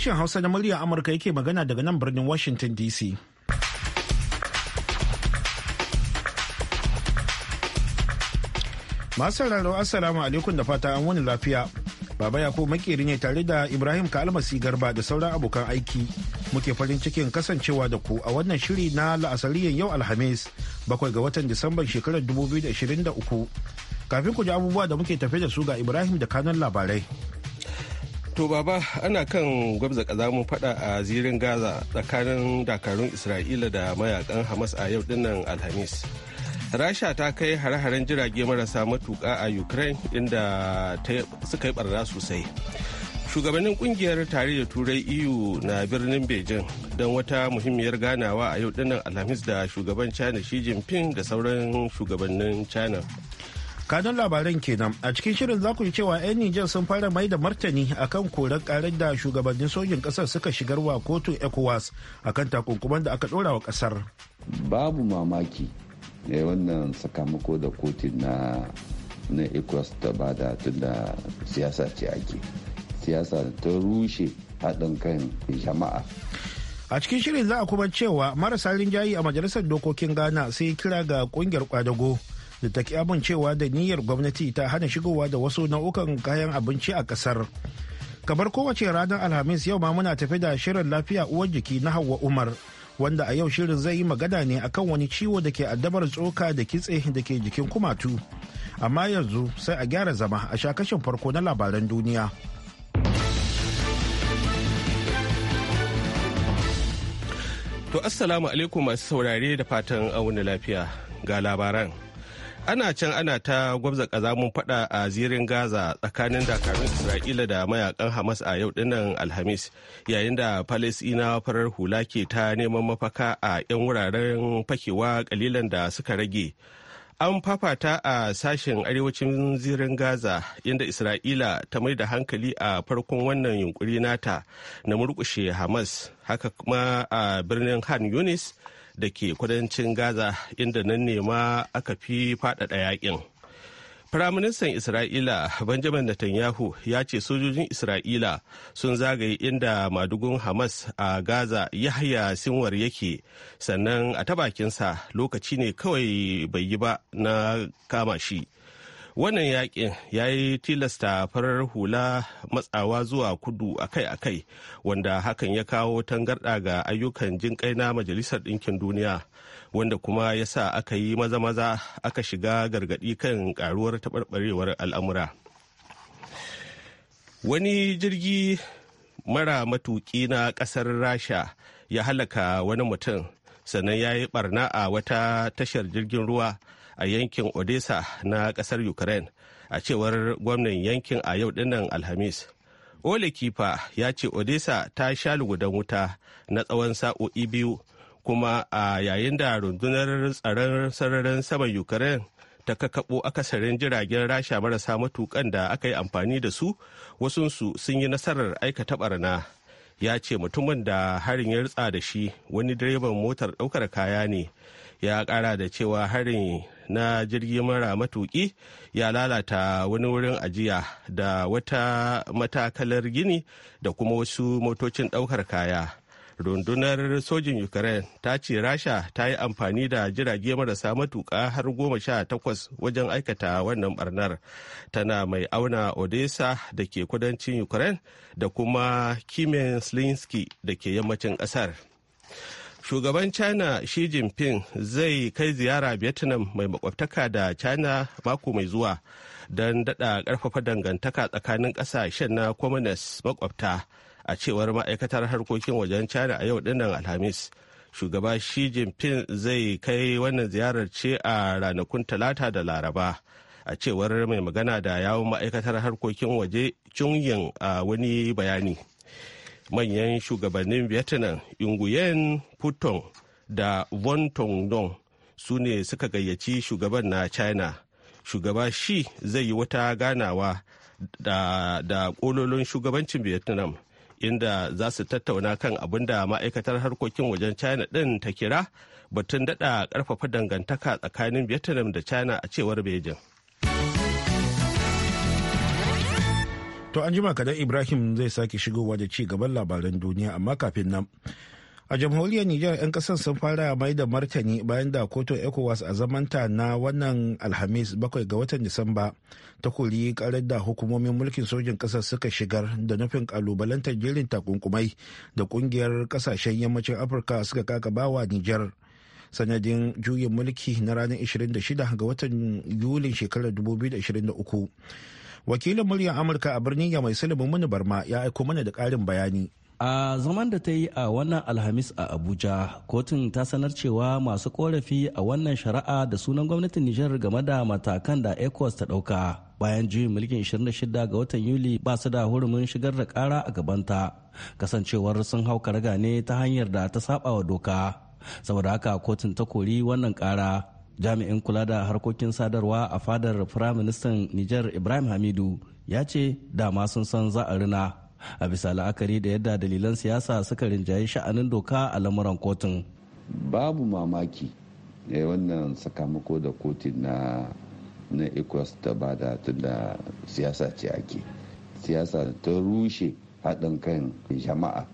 Sashen Hausa na muryar Amurka yake magana daga nan birnin Washington DC. Masu sauraro Assalamu alaikum da fata an wani lafiya. Baba Yakubu makeri ne tare da Ibrahim ka almasi Garba da sauran abokan aiki. Muke farin cikin kasancewa da ku a wannan shiri na la'asariyan yau Alhamis, bakwai ga watan Disamban shekarar 2023. Kafin ku ji abubuwa da muke tafe da su ga Ibrahim da kanan labarai. To baba ana kan gwabza mun fada a zirin Gaza tsakanin dakarun Isra'ila da mayakan Hamas a yau dinnan Alhamis. Rasha ta kai hare-haren jirage marasa matuka a Ukraine inda suka yi barra sosai. Shugabannin kungiyar da turai EU na birnin Beijing don wata muhimmiyar ganawa a yau dinnan Alhamis da shugaban China Xi Jinping da sauran shugabannin China. kanun labaran kenan a cikin shirin za ku ji cewa 'yan nijar sun fara mai da martani akan korar karar da shugabannin sojin kasar suka shigar wa kotun ecowas akan takunkuman da aka dora wa kasar babu mamaki ne eh, wannan sakamako da kotun na na ecowas ta bada tun da siyasa ce ake siyasa ta rushe haɗin kan jama'a a cikin shirin za a kuma cewa marasa rinjayi a majalisar dokokin ghana sai kira ga kungiyar kwadago da ta amincewa da niyyar gwamnati ta hana shigowa da wasu nau'ukan kayan abinci a kasar kamar kowace ranar alhamis yau ma muna tafi da shirin lafiya uwar jiki na hauwa umar wanda a yau shirin zai yi magana ne akan wani ciwo da ke addabar tsoka da kitse da ke jikin kumatu amma yanzu sai a gyara zama a shakashin farko na labaran duniya to assalamu alaikum masu saurare da fatan auna lafiya ga labaran ana can ana ta gwabza kazamun fada a zirin gaza tsakanin dakarun isra'ila da mayakan hamas a yau dinnan alhamis yayin da palestina farar hula ke ta neman mafaka a 'yan wuraren fakewa kalilan da suka rage an fafata a sashen arewacin zirin gaza inda isra'ila ta mai da hankali a farkon wannan yunkuri nata na murkushe hamas haka kuma a birnin han yunis da ke kudancin gaza inda nan ne ma aka fi faɗaɗa yakin Firaministan Isra'ila Benjamin Netanyahu ya ce sojojin Isra'ila sun zagaye inda madugun Hamas a Gaza Yahya Sinwar yake sannan a ta bakinsa lokaci ne kawai bai yi ba na kama shi. wannan yakin ya yi tilasta farar hula matsawa zuwa kudu akai-akai wanda hakan ya kawo tangarɗa ga ayyukan jinƙai na majalisar ɗinkin duniya wanda kuma ya sa aka yi maza-maza aka shiga gargaɗi kan ƙaruwar taɓarɓarewar al'amura wani jirgi mara matuƙi na ƙasar rasha ya halaka wani mutum sannan ya yi ɓarna a wata tashar jirgin ruwa a yankin odessa na kasar ukraine a cewar gwamnan yankin a yau dinnan alhamis ole kifa ya ce odessa ta sha lugudan wuta na tsawon sa'o'i biyu kuma a yayin da rundunar tsaron sararin saman ukraine ta kakabo akasarin jiragen rasha marasa matukan da aka yi amfani da su wasunsu sun yi nasarar aikata barna. ya ce mutumin da harin ya rutsa da shi wani direban motar daukar kaya ne ya kara da cewa harin na jirgi mara matuki ya lalata wani wurin ajiya da wata matakalar gini da kuma wasu motocin ɗaukar kaya rundunar sojin ukraine ta ce rasha ta yi amfani da jirage marasa matuƙa har goma sha takwas wajen aikata wannan barnar tana mai auna odessa da ke kudancin ukraine da kuma kimen slinski da ke yammacin kasar. shugaban china xi jinping zai kai ziyara vietnam mai makwabtaka da china mako mai zuwa don daɗa ƙarfafa dangantaka tsakanin ƙasashen na communist makwabta a cewar ma'aikatar harkokin wajen china a yau dinnan alhamis shugaba shi jinping zai kai wannan ziyarar ce a ranakun talata da laraba a cewar mai magana da yawon ma'aikatar harkokin waje chungyin a wani bayani manyan shugabannin vietnam nguyen puton da von tongdong su ne suka gayyaci shugaban na china shugaba shi zai yi wata ganawa da, da shugabancin vietnam inda za su tattauna kan abin da ma'aikatar harkokin wajen china din ta kira batun daɗa ƙarfafa dangantaka tsakanin vietnam da china a cewar beijing to an jima kadan ibrahim zai sake shigowa da ci gaban labaran duniya amma kafin nan a jamhuriyar niger 'yan kasar sun fara mai da martani bayan da kotun ecowas a zamanta na wannan alhamis bakwai ga watan disamba ta kori karar da hukumomin mulkin sojin kasar suka shigar da nufin kalubalantar jerin takunkumai da kungiyar kasashen yammacin afirka suka kaka bawa niger sanadin juyin mulki na ranar 26 ga watan yulin shekarar 2023 wakilin muryar amurka a birnin mai sulaiman mini barma ya aiko mana da karin bayani a zaman da ta yi a wannan alhamis a abuja kotun ta sanar cewa masu korafi a wannan shari'a da sunan gwamnatin nijar game da matakan da Ecos ta ɗauka bayan juyin mulkin 26 ga watan yuli ba su da hurumin shigar da kara a gabanta kasancewar sun hau karga ne ta hanyar da ta saba wa doka saboda haka kotun ta kori wannan kara jami'in kula da harkokin sadarwa a fadar firaministan nijar ibrahim hamidu ya ce dama sun san za a rina a bisa la'akari da yadda dalilan siyasa suka rinjaye sha'anin doka a lamuran kotun babu mamaki ne eh, wannan sakamako da kotun na na ecos ta bada da siyasa ce ake siyasa ta rushe haɗin kan jama'a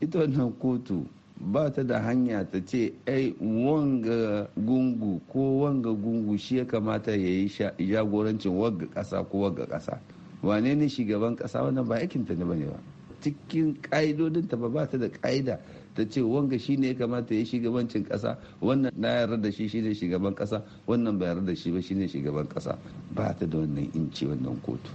ita wannan kotu ba ta da hanya ta ce ai wanga gungu ko wanga gungu shi ya kamata ya yi jagorancin wagga ƙasa ko wagga ƙasa wane ne shugaban kasa wannan ba aikinta ne ne ba cikin ƙa'idodinta ba ba ta da ƙa'ida ta ce wanga shi ne ya kamata ya shugabancin ƙasa wannan na yarda da shi shi ne shugaban ƙasa wannan ba yarda da shi ba shi ne shugaban ƙasa ba ta da wannan inci wannan kotu.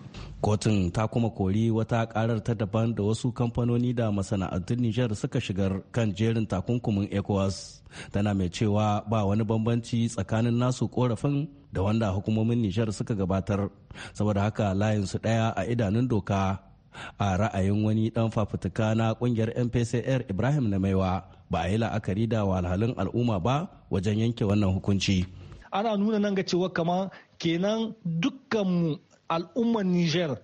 kotun ta kuma kori wata karar ta daban da wasu kamfanoni da masana'antun nijar suka shigar kan jerin takunkumin ecowas tana mai cewa ba wani bambanci tsakanin nasu korafin da wanda hukumomin nijar suka gabatar saboda haka layinsu ɗaya a idanun doka a ra'ayin wani dan fafutuka na kungiyar mpcr ibrahim na maiwa ba a yi la'akari da walhalin al'umma ba wajen yanke wannan hukunci ana nuna nan ga cewa kama kenan dukkanmu al'ummar niger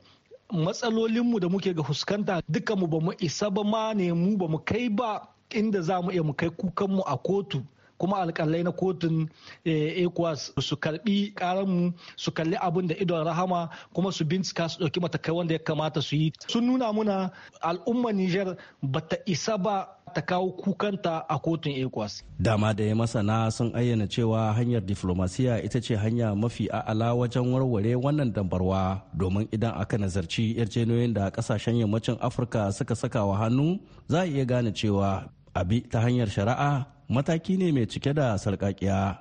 matsalolinmu da muke ga fuskanta dukkanmu ba mu isa ba ma ne mu ba mu kai ba inda za mu iya mu kai kukanmu a kotu kuma alƙalai na kotun eh, ecowas su karbi karanmu su kalli abin da idon rahama kuma su bincika su ɗauki matakai wanda ya kamata su yi sun nuna muna al'ummar niger ba ta isa ba ta kawo kukanta a kotun ecowas dama da ya masana sun ayyana cewa hanyar diflomasiya ita ce hanya mafi a'ala wajen warware wannan dambarwa domin idan aka nazarci yarjejeniyoyin da kasashen yammacin afirka suka saka wa hannu za a iya gane cewa abi ta hanyar shari'a mataki ne mai cike da sarƙaƙiya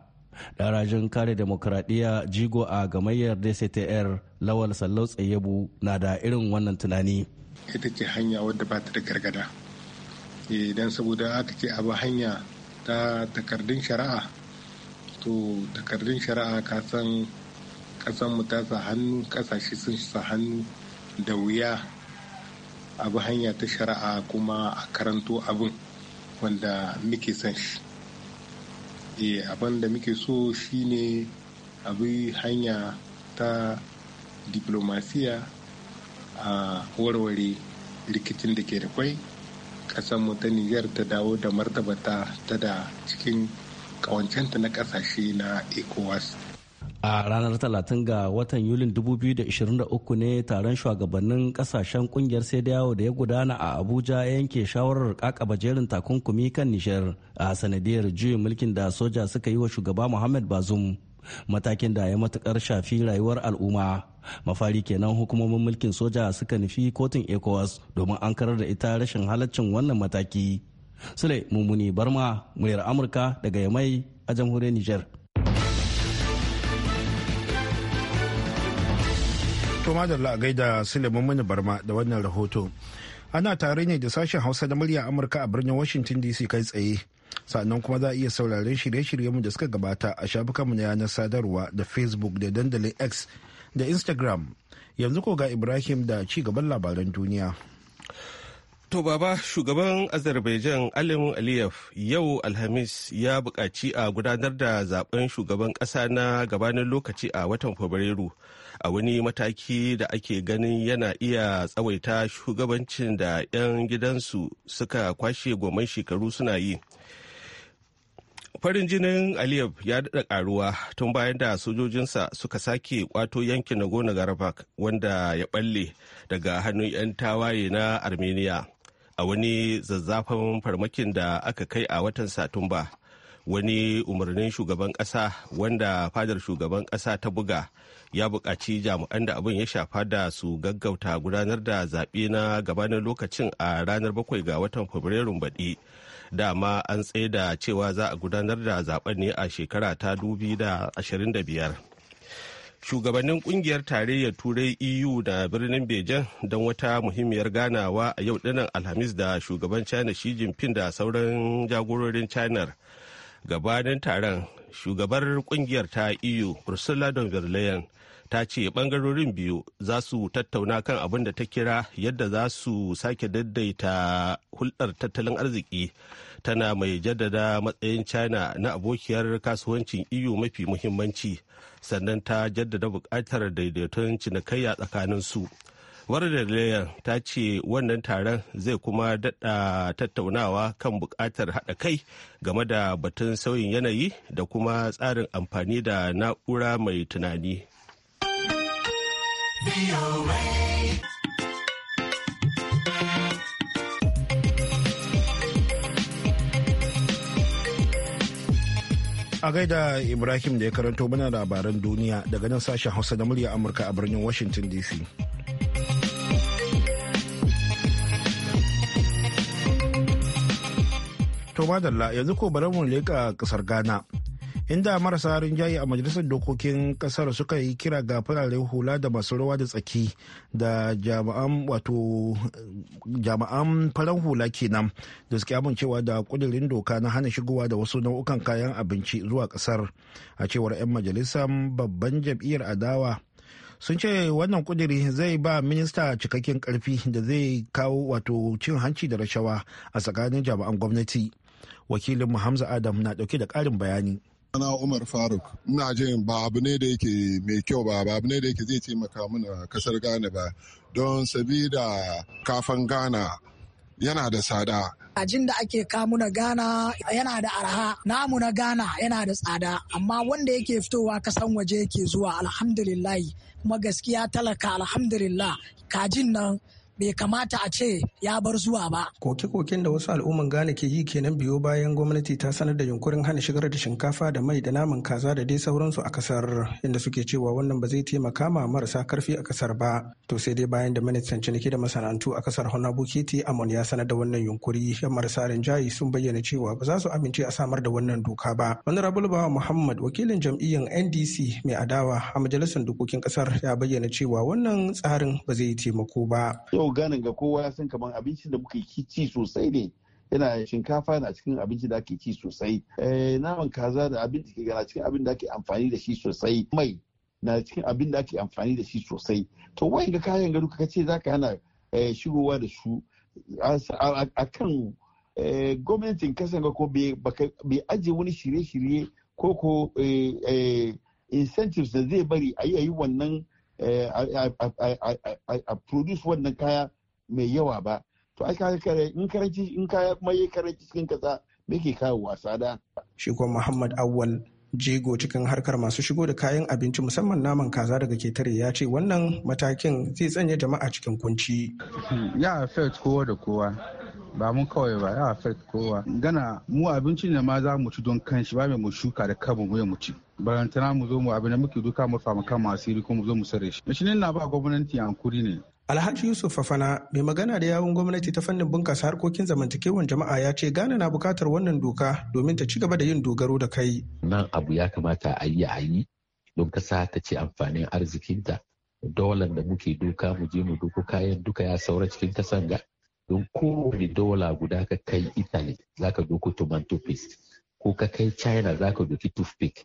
ɗarajin kare demokradiyya jigo a gamayyar dctr lawal sallau tsayyabu na da irin wannan tunani ita ce hanya wadda ba ta da gargada idan eh, saboda aka ce abu hanya ta takardun shari'a to takardun shari'a ka san kasan mu ta sa hannu kasashe sun sa hannu da wuya abu hanya ta shari'a kuma a karanto abin wanda muke san shi e abin da muke so shine abi hanya ta diplomasiya a warware rikicin da ke da kwai mu ta niger ta dawo da martabata ta da cikin kawancenta na kasashe na ecowas a ranar 30 ga watan yulin 2023 ne taron shugabannin kasashen kungiyar sai da yawo da ya gudana a abuja ya yanke shawarar kakaba jerin takunkumi kan nishar a sanadiyar juyin mulkin da soja suka yi wa shugaba muhammad bazum matakin da ya matukar shafi rayuwar al'umma mafari kenan hukumomin mulkin soja suka nufi kotun ecowas domin an karar da ita rashin halaccin wannan mataki sule mummuni barma muryar amurka daga yamai a jamhuriyar niger To madalla a gaida Suleiman Mani Barma da wannan rahoto. Ana tare ne da sashen Hausa da murya Amurka a birnin Washington DC kai tsaye. Sannan kuma za a iya sauraron shirye mu da suka gabata a shafukanmu na yanar sadarwa da Facebook da dandalin X da Instagram. Yanzu ko ga Ibrahim da ci gaban labaran duniya. To baba shugaban Azerbaijan Alim Aliyev yau Alhamis ya bukaci a gudanar da zaben shugaban ƙasa na gabanin lokaci a watan Fabrairu. a wani mataki da ake ganin yana iya tsawaita shugabancin da 'yan gidansu suka kwashe goman shekaru suna yi farin jinin aliyev ya daɗa ƙaruwa tun bayan da sojojinsa suka sake kwato yankin nagorno karabakh wanda ya ɓalle daga hannun 'yan tawaye na armenia a wani zazzafan farmakin da aka kai a watan satumba wani umarnin shugaban ƙasa wanda fadar shugaban ƙasa ta buga ya buƙaci jami'an da abin ya shafa da su gaggauta gudanar da zaɓe na gabanin lokacin a ranar bakwai ga watan fabrairun baɗi dama an tsaida cewa za a gudanar da zaɓen ne a shekara ta da 2025 shugabannin kungiyar tarayyar turai eu da birnin beijing don wata muhimmiyar ganawa a yau dinan alhamis da shugaban china shi jinping da sauran jagororin china gabanin taron shugabar kungiyar ta iyo e ursula don ta ce bangarorin biyu za su tattauna kan abin da ta kira yadda za su sake daidaita hulɗar tattalin arziki tana mai jaddada matsayin china na abokiyar kasuwancin iyo e mafi muhimmanci sannan ta jaddada buƙatar daidaiton cinikayya tsakanin su Wardalayar ta ce wannan taron zai kuma daɗa tattaunawa kan buƙatar haɗa kai game da batun sauyin yanayi da kuma tsarin amfani da na'ura mai tunani. a gaida ibrahim da ya karanto mana labaran duniya daga nan sashen hausa na murya amurka a birnin washington dc To madalla yanzu ko bari mu leka ƙasar Ghana. Inda marasa rinjaye a majalisar dokokin kasar suka yi kira ga fararen hula da masu rawa da tsaki da jami'an wato jami'an farar hula kenan da suke amincewa da kudirin doka na hana shigowa da wasu nau'ukan kayan abinci zuwa kasar a cewar 'yan majalisar babban jam'iyyar adawa sun ce wannan kudiri zai ba minista cikakken karfi da zai kawo wato cin hanci da rashawa a tsakanin jami'an gwamnati wakilin mu hamza adam na dauke da karin bayani na Umar Faruk na jin ba abu ne da yake mai kyau ba ba abu ne da yake zai ce maka muna kasar Ghana ba don sabida kafan Ghana yana da tsada. Ajin da ake kamuna Ghana yana da arha, namu na Ghana yana da tsada, amma wanda yake fitowa kasan waje yake zuwa alhamdulillahi, kuma gaskiya talaka alhamdulillah kajin nan bai kamata a ce ya bar zuwa ba. Koke-koken da wasu al'umman gane ke yi kenan biyo bayan gwamnati ta sanar da yunkurin hana shigar da shinkafa da mai da naman kaza da dai sauransu a kasar inda suke cewa wannan ba zai taimaka ma marasa karfi a kasar ba. To sai dai bayan da ministan ciniki da masana'antu a kasar Honabu Keti Amon ya sanar da wannan yunkuri yan marasa rinjayi sun bayyana cewa ba za su amince a samar da wannan doka ba. Wani Bawa Muhammad wakilin jam'iyyar NDC mai adawa a majalisar dokokin kasar ya bayyana cewa wannan tsarin ba zai taimako ba. ganin ga kowa ya san kamar abinci da muka ci sosai ne yana shinkafa na cikin abinci da ake ci sosai eh, naman kaza da abinci ke gana cikin abin da ake amfani da shi sosai mai na cikin abin da ake amfani da shi sosai to wayan ga kayan gado ka ce zaka hana eh, shigowa da su a kan eh, gwamnatin kasan ga ko bai ajiye wani shirye-shirye ko ko incentives da zai bari a yi wannan Eh, a produce wannan kaya mai yawa ba to ai ka kare in karanci in kaya kuma yayi karanci cikin kasa me ke kawo wasa da shi ko Muhammad Awwal jego cikin harkar masu shigo da kayan abinci musamman naman kaza daga ketare ya ce wannan matakin zai tsanya jama'a cikin kunci hmm, ya affect kowa da kowa ba mun kawai ba ya affect kowa gana mu abinci ne ma za mu ci don kanshi ba mai mu shuka da kabu mu mu ci barantana mu zo mu abin da muke duka mu fama kan asiri kuma mu zo mu sare shi mashinin na ba gwamnati kuri ne Alhaji Yusuf Fafana mai magana da yawun gwamnati ta fannin bunkasa harkokin zamantakewan jama'a ya ce Ghana na bukatar wannan doka domin ta ci gaba da yin dogaro da kai. Nan abu ya kamata a yi a yi don kasa ta ce amfanin arzikinta. Dolan da muke doka mu je mu doko kayan duka ya saura cikin kasan ga don kowane dola guda ka kai italy za ka doki tomato paste ko ka kai china za ka doki toothpick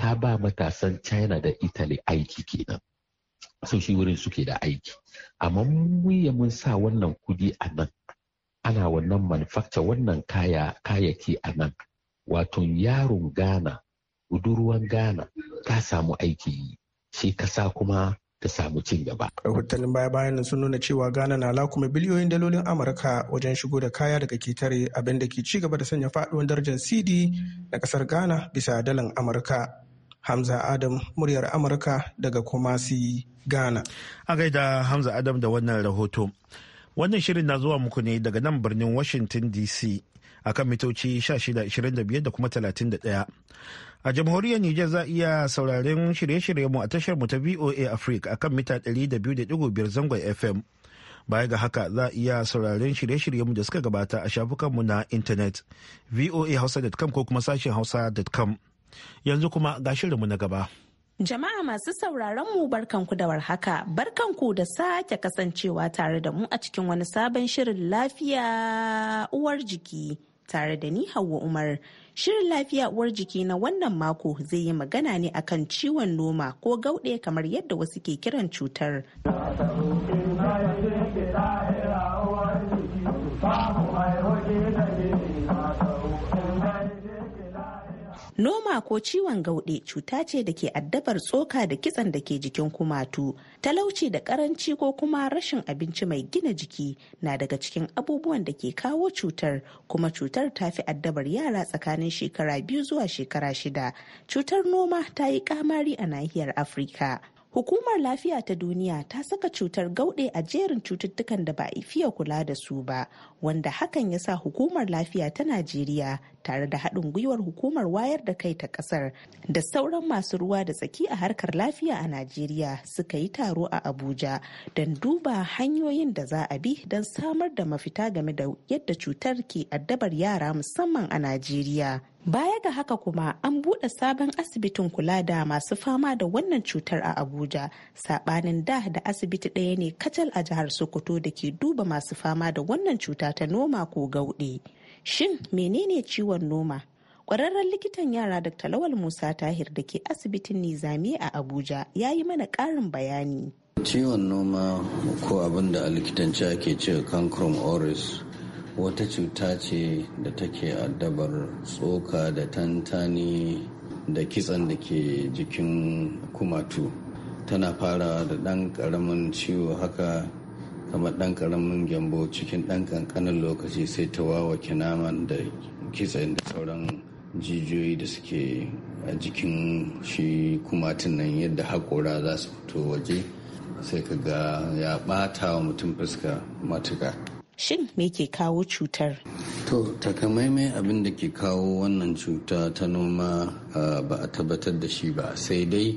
ka ba matasan china da italy aiki kenan so shi wurin suke da aiki amma muya mun sa wannan kudi a nan ana wannan manufacture wannan kayayyaki a nan wato yaron ghana budurwan ghana ta samu aiki yi shi kasa kuma ta samu cin gaba. Rahotannin baya-bayan sun nuna cewa Ghana na lakuma biliyoyin dalolin Amurka wajen shigo da kaya daga ketare abinda ke ci gaba da sanya faduwan darajar CD na kasar Ghana bisa dalan Amurka. Hamza Adam muryar Amurka daga Kumasi, Ghana. A gaida Hamza Adam da wannan rahoto. Wannan shirin na zuwa muku ne daga nan birnin Washington DC akan mitoci 1625 da kuma 31. A jamhuriyar Nijar za iya sauraren shirye shiryen mu a tashar mu ta VOA Africa akan mita 200.5 zangon FM. Baya ga haka za iya sauraren shirye shiryen mu da suka gabata a shafukanmu na intanet voa voahausa.com ko kuma sashen hausa.com. Yanzu kuma ga shirin mu na gaba. Jama'a masu sauraron mu barkanku da warhaka, barkanku da sake kasancewa tare da mu a cikin wani sabon shirin lafiya uwar jiki tare da ni Hauwa Umar. Shirin lafiya uwar jiki na wannan mako zai yi magana ne akan ciwon noma ko gauɗe kamar yadda wasu ke kiran cutar. Noma ko ciwon gauɗe cuta ce da ke addabar tsoka da kitson da ke jikin kumatu. Talauci da ƙaranci ko kuma rashin abinci mai gina jiki na daga cikin abubuwan da ke kawo cutar kuma cutar ta fi addabar yara tsakanin shekara biyu zuwa shekara shida. Cutar noma ta yi kamari a nahiyar Afirka. Hukumar Lafiya ta Duniya ta saka cutar gauɗe a jerin cututtukan da ba a fiye kula da su ba, wanda hakan ya sa Hukumar Lafiya ta Najeriya tare da haɗin gwiwar hukumar wayar da kai ta ƙasar da sauran masu ruwa da tsaki a harkar lafiya a Najeriya suka yi taro a Abuja don duba hanyoyin da za a bi don samar da mafita game da yadda cutar ke addabar yara musamman a Najeriya. Baya ga haka kuma an buɗe sabon asibitin kula da masu fama da wannan cutar a Abuja, saɓanin da da asibiti ɗaya ne kacal a jihar Sokoto da ke duba masu fama da wannan cuta ta noma ko gauɗe. Shin menene ciwon noma? Ƙwararren likitan yara Dr. Lawal Musa Tahir da ke asibitin Nizami a Abuja ya yi mana ƙarin bayani. Ciwon noma ko abinda a likitanci ake ce cancrum oris wata cuta ce da take addabar tsoka da tantani da kitsan da ke jikin kumatu tana fara da ɗan ƙaramin ciwo haka kamar ɗan ƙaramin gyambo cikin ɗan ƙanƙanin lokaci sai ta wawake naman da kitsan da sauran jijiyoyi da suke a jikin shi kumatun nan yadda haƙora za su fito waje sai ka ga ya ɓata wa mutum fuska matuka shin me ke kawo cutar to takamaimai abin da ke kawo wannan cuta ta noma ba a tabbatar da shi ba sai dai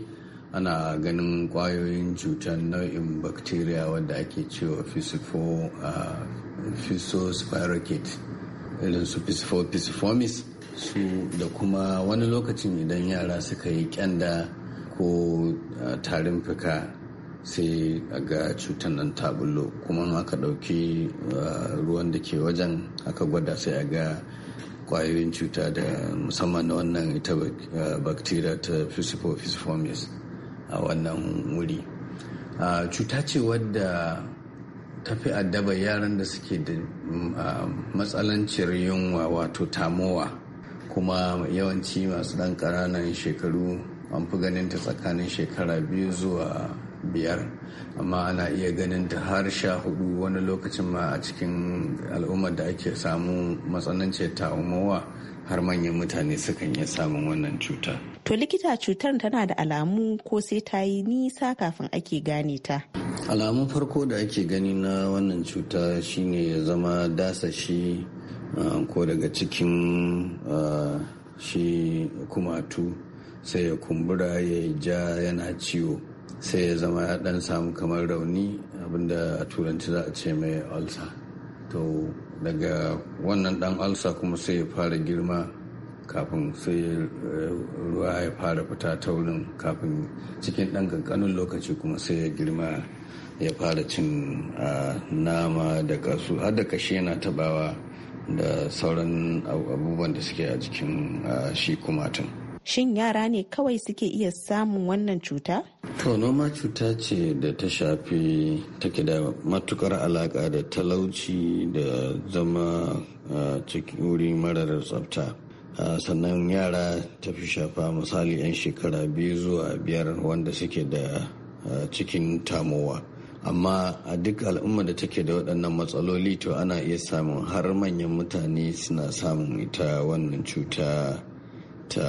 ana ganin kwayoyin cutar nau'in bacteria wadda ake cewa physospirocate irin su su da kuma wani lokacin idan yara suka yi kyanda ko tarin fuka sai ga cutar nan ta bullo kuma aka ɗauki ah, ruwan da ke wajen aka gwada sai a ga kwayoyin cuta da musamman na wannan ita ah, bacteria ta fusiformis a wannan wuri ah, cuta ce wadda ta fi addaba yaran da suke da matsalancin yunwa wato tamowa kuma yawanci masu ɗan ƙananan shekaru an fi ganin ta tsakanin shekara biyu zuwa biyar amma ana iya ganin ta har sha hudu wani lokacin ma a cikin al'ummar da ake samu matsananci ta har manyan mutane sukan iya samun wannan cuta to likita cutar tana da alamu ko sai ta yi nisa kafin ake gane ta alamun farko da ake gani na wannan cuta shine ya zama dasashi ko daga cikin shi kumatu sai ya kumbura ya ja yana ciwo sai ya zama ya dan samu kamar rauni abinda a turanci za a ce mai alsa to daga wannan dan alsa kuma sai ya fara girma kafin sai ruwa ya fara fita ta wurin kafin cikin dan kankanin lokaci kuma sai ya girma ya fara cin nama da kasu har da kashi yana tabawa da sauran abubuwan da suke a jikin shi kumatin shin yara ne kawai suke iya samun wannan cuta? To noma cuta ce da ta shafi take da matukar alaka da talauci da zama cikin wuri marar tsafta. sannan yara ta fi shafa misali 'yan shekara biyu zuwa biyar wanda suke da cikin tamowa. amma a duk al'umma da take da waɗannan matsaloli to ana iya samun har manyan mutane suna samun ita wannan cuta ta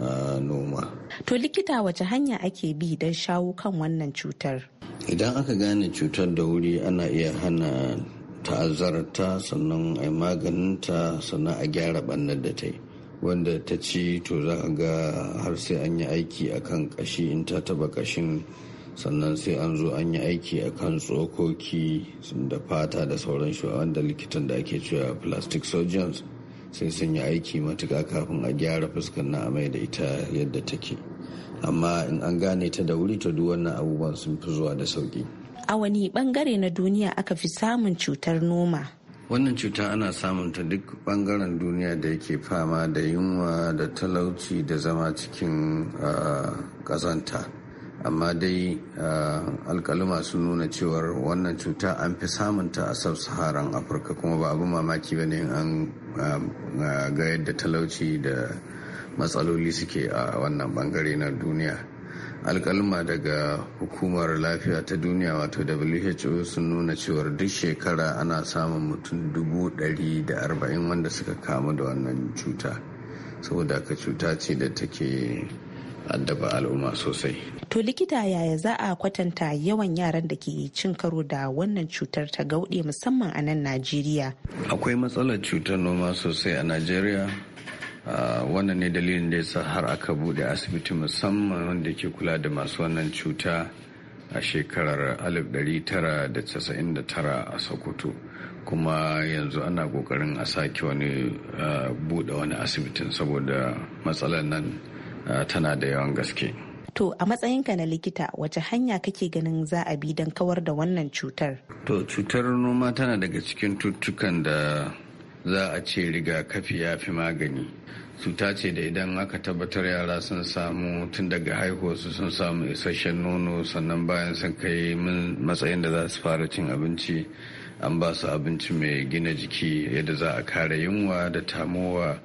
ah, noma. To likita wace hanya ake bi don shawo kan wannan cutar? Idan aka gane cutar da wuri ana iya hana ta'azarta sannan a maganinta sannan a gyara bannar da ta yi. Wanda ta ci to za a ga har sai an yi aiki a kan ƙashi in ta taba ƙashin sannan sai an zo an yi aiki a kan tsokoki da fata da sauran shi wanda likitan da ake cewa plastic surgeons sai sun yi aiki matuka kafin a gyara fuskar na amai da ita yadda take amma in an gane ta da wuri ta duk wannan abubuwan sun fi zuwa da sauki a wani ɓangare na duniya aka fi samun cutar noma wannan cuta ana samun ta duk ɓangaren duniya da yake fama da yunwa da talauci da zama cikin kazanta ah, amma dai alkaluma sun nuna cewar wannan cuta an fi samunta a sub-saharan afirka kuma ba abin mamaki ba ne an ga yadda talauci da matsaloli suke a wannan bangare na duniya alkalma daga hukumar lafiya ta duniya wato who sun nuna cewar duk shekara ana samun mutum dubu da arba'in wanda suka kamu da wannan cuta saboda ka cuta ce da take addaba al'umma sosai. To likita yaya za a kwatanta yawan yaran da ke cin karo da wannan cutar ta gauɗe musamman a nan Najeriya? Akwai matsalar cutar noma sosai a Najeriya. Ah, wannan ne dalilin da yasa har aka buɗe asibiti musamman wanda ke kula da masu wannan cuta a shekarar 1999 a Sokoto. kuma yanzu ana kokarin a sake wani ah, buɗe wani asibitin saboda matsalar nan tana da yawan gaske. To a matsayinka na likita wace hanya kake ganin za a bi don kawar da wannan cutar? To cutar noma tana daga cikin cututtukan da za a ce rigakafi ya fi magani. Cuta ce da idan aka tabbatar yara sun samu tun daga haihuwarsu sun samu isasshen nono sannan bayan sun kai matsayin da za su fara cin abinci an ba su abinci mai gina jiki yadda za a kare yunwa da tamowa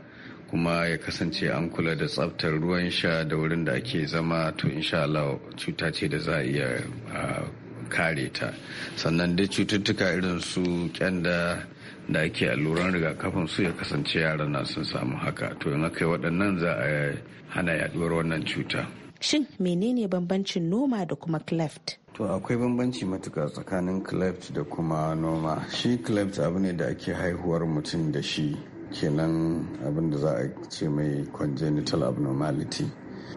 kuma ya kasance an kula da tsaftar ruwan sha da wurin da ake zama to insha Allah cuta ce da za a iya kare ta sannan dai cututtuka irin su kyanda da ake alluran rigakafin su ya kasance yaran na sun samu haka to in aka waɗannan za a hana yaduwar wannan cuta shin menene bambancin noma da kuma cleft to akwai bambanci matuka tsakanin cleft da kuma noma shi cleft abu ne da ake haihuwar mutum da shi kenan abin da za a ce mai congenital abnormality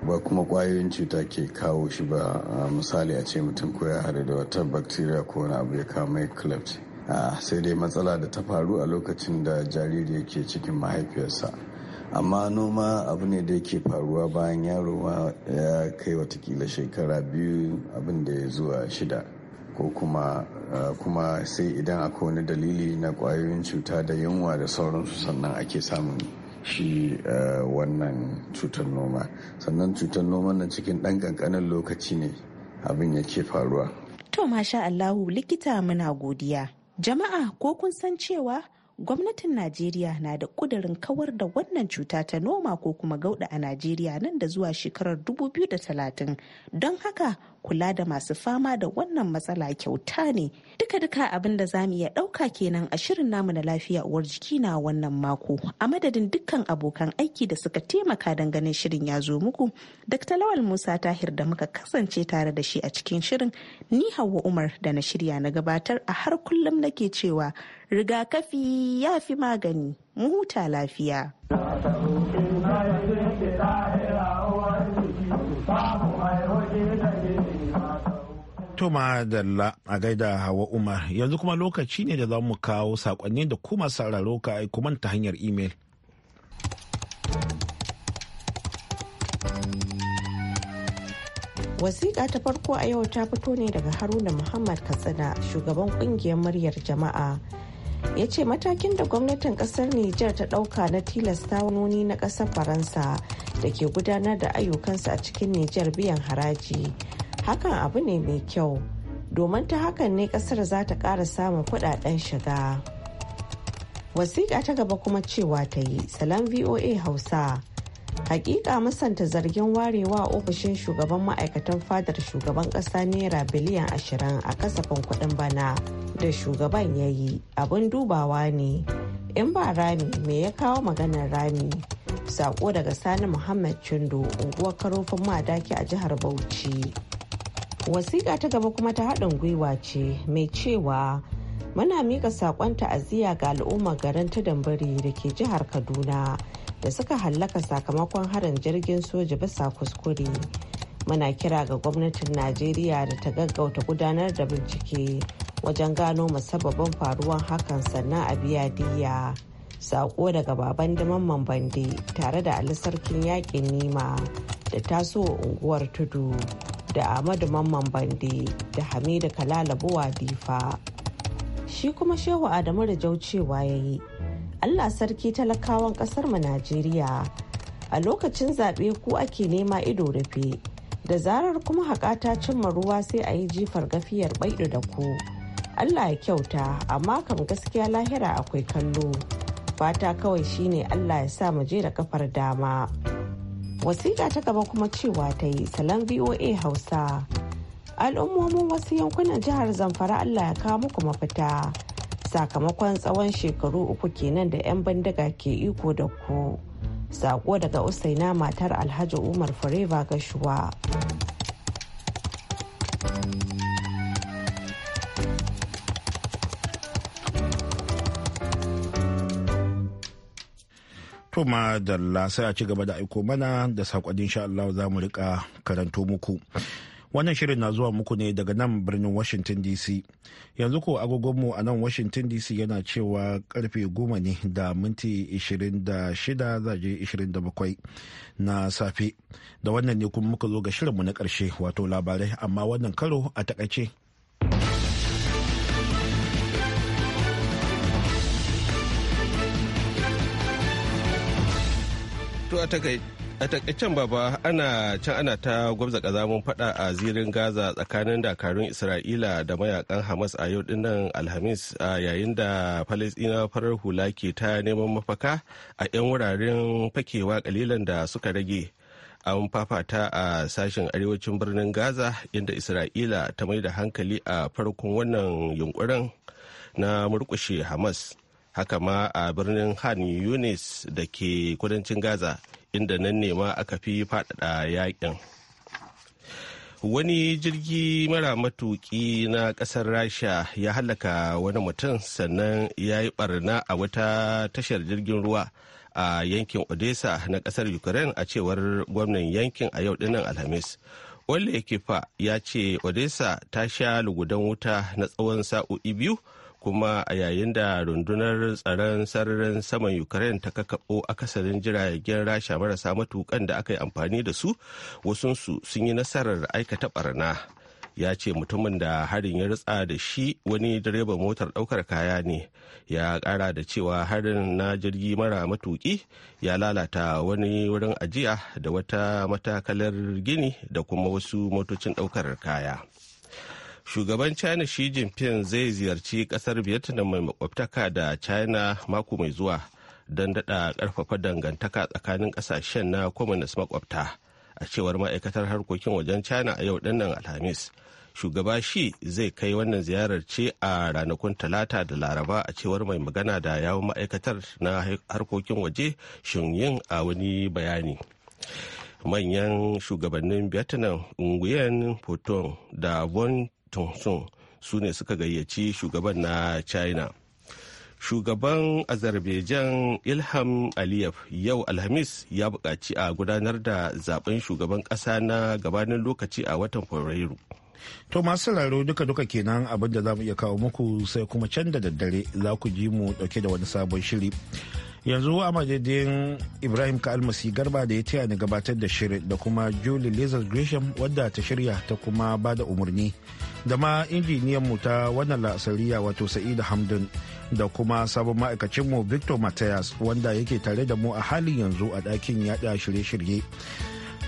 ba kuma kwayoyin cuta ke kawo shi ba misali a ce mutum ko ya hada da wata bacteria ko wani abu ya kawo mai A'a, sai dai matsala da ta faru a lokacin da jariri yake cikin mahaifiyarsa amma noma abu ne da yake faruwa bayan yaro ya kai watakila shekara biyu abin da ya zuwa shida ko kuma eh, kuma sai idan akwai wani dalili na kwayoyin cuta da yunwa da sauransu sannan ake samun shi eh, wannan cutar noma sannan cutar noma na cikin ɗan ƙanƙanin lokaci ne abin yake faruwa to masha allahu likita muna godiya jama'a ko kun san cewa gwamnatin najeriya na da kudirin kawar da wannan cuta ta noma ko kuma gauda a najeriya nan da zuwa shekarar 2030 don haka kula da masu fama da wannan matsala kyauta ne duka-duka abin da za mu iya ɗauka kenan a shirin namu na lafiya uwar jiki na wannan mako a madadin dukkan abokan aiki da suka taimaka don ganin shirin ya zo muku dr lawal musa tahir da muka kasance tare da shi a cikin shirin ni hawa umar da na shirya na gabatar a har kullum nake cewa rigakafi ya fi magani mu huta lafiya Toma Dalla a gaida Hawa Umar yanzu kuma lokaci ne da za mu kawo saƙonni da kuma sauraro ka kuma ta hanyar imel. wasiƙa ta farko a yau ta fito ne daga haruna muhammad katsina shugaban ƙungiyar muryar jama'a ya ce matakin da gwamnatin kasar Nijar ta ɗauka na tilasta wani na ƙasar Faransa da ke gudanar da ayyukansu a cikin Nijar biyan haraji. Hakan abu ne mai kyau, domin ta hakan ne ƙasar za ta ƙara samun kuɗaɗen shiga. Wasiƙa ta gaba kuma cewa ta yi, salam VOA Hausa. hakika musanta zargin warewa ofishin shugaban ma'aikatan fadar shugaban kasa naira biliyan ashirin a kasafin kuɗin bana da shugaban ya yi abin dubawa ne in ba rami me ya kawo maganar rami sako daga sani muhammad chindo unguwar karofin madaki a jihar bauchi wasiƙa ta gaba kuma ta haɗin gwiwa ce mai cewa muna mika saƙon ta'aziyya ga al'ummar garin tudunbari da ke jihar kaduna da suka hallaka sakamakon harin jirgin soja bisa kuskure muna kira ga gwamnatin najeriya da ta gaggauta gudanar da bincike wajen gano musabbabin faruwan hakan sannan a biya diya sako daga baban mamman bande tare da ali sarkin yakin nima da taso unguwar tudu da amadu mamman bande da hamidu kalalabuwa difa shi kuma shehu adamu rajau cewa ya yi allah sarki talakawan kasar mu najeriya a lokacin zaɓe ku ake nema ido rufe da zarar kuma haƙa ta cimma ruwa sai a yi jifar gafiyar ɓaiɗu da ku allah ya kyauta amma kam gaskiya lahira akwai kallo fata kawai shine allah ya sa mu je da kafar dama wasiƙa ta gaba kuma cewa ta yi salon voa hausa al'ummomin wasu yankunan jihar zamfara allah ya kawo muku mafita sakamakon tsawon shekaru uku kenan da 'yan bindiga ke iko da ku sako daga usaina matar alhaji umar fareva gashuwa kuma da lasa a ci gaba da aiko mana da saƙon insha Allah za mu rika karanto muku Wannan shirin na zuwa muku ne daga nan birnin Washington DC. Yanzu ko agogonmu a nan Washington DC yana cewa karfe goma ne da minti 26 zaje 27 na safe. Da wannan ne kuma muka zo ga shirinmu na karshe wato labarai amma wannan karo a takaice. To a takai a takaicen baba ana can ana ta gwabza kazamin fada a zirin gaza tsakanin dakarun isra'ila da mayakan hamas a yau dinnan alhamis a yayin da falisina farar hula ke ta neman mafaka a 'yan wuraren fakewa kalilan da suka rage an fafata a sashen arewacin birnin gaza inda isra'ila ta mai da hankali a farkon wannan yunkurin na murkushe hamas haka ma a birnin han yunis da ke kudancin gaza inda nan ne ma aka fi faɗaɗa yaƙin. wani jirgi mara matuki na ƙasar rasha ya halaka wani mutum sannan ya yi barna a wata tashar jirgin ruwa a yankin odessa na ƙasar ukraine a cewar gwamnan yankin a yau dinnan alhamis wanda yake fa ya ce odessa ta sha lugudan wuta na tsawon sa'o'i biyu kuma a yayin da rundunar tsaron sararin saman ukraine ta kakaɓo akasarin jiragen rasha marasa matukan da aka yi amfani da su wasunsu sun yi nasarar aikata barna ya ce mutumin da harin ya ritsa da shi wani direban motar ɗaukar kaya ne ya ƙara da cewa harin na jirgi mara matuki ya lalata wani wurin ajiya da wata matakalar gini da kuma wasu motocin ɗaukar kaya shugaban china shi jinping zai ziyarci kasar vietnam mai makwabtaka da china mako mai zuwa don daɗa ƙarfafa dangantaka tsakanin ƙasashen na communist makwabta a cewar ma'aikatar harkokin wajen china a yau dinnan alhamis shugaba shi zai kai wannan ziyarar ce a ranakun talata da laraba a cewar mai magana da yawon ma'aikatar na harkokin waje yin a wani bayani manyan shugabannin vietnam nguyen photon da von thompson su ne suka gayyaci shugaban na china shugaban azerbaijan ilham aliyev yau alhamis ya buƙaci a gudanar da zaben shugaban ƙasa na gabanin lokaci a watan fabrairu to masu sauraro duka-duka kenan abin da za mu iya kawo muku sai kuma can da daddare za ku ji mu dauke da wani sabon shiri yanzu a madadin ibrahim kalmasi garba da ya taya ni gabatar da shirin da kuma julie lizard gresham wadda ta shirya ta kuma ba da umarni da ma injiniyan mu ta wannan la'asariya wato sa'ida hamdun da kuma sabon ma'aikacinmu victor matthias wanda yake tare da mu a halin yanzu a ɗakin yaɗa shirye-shirye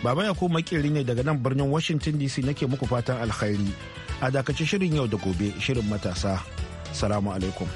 baba ya kuma makeri ne daga nan birnin washington dc nake muku fatan alkhairi a dakaci shirin yau da gobe shirin matasa salamu alaikum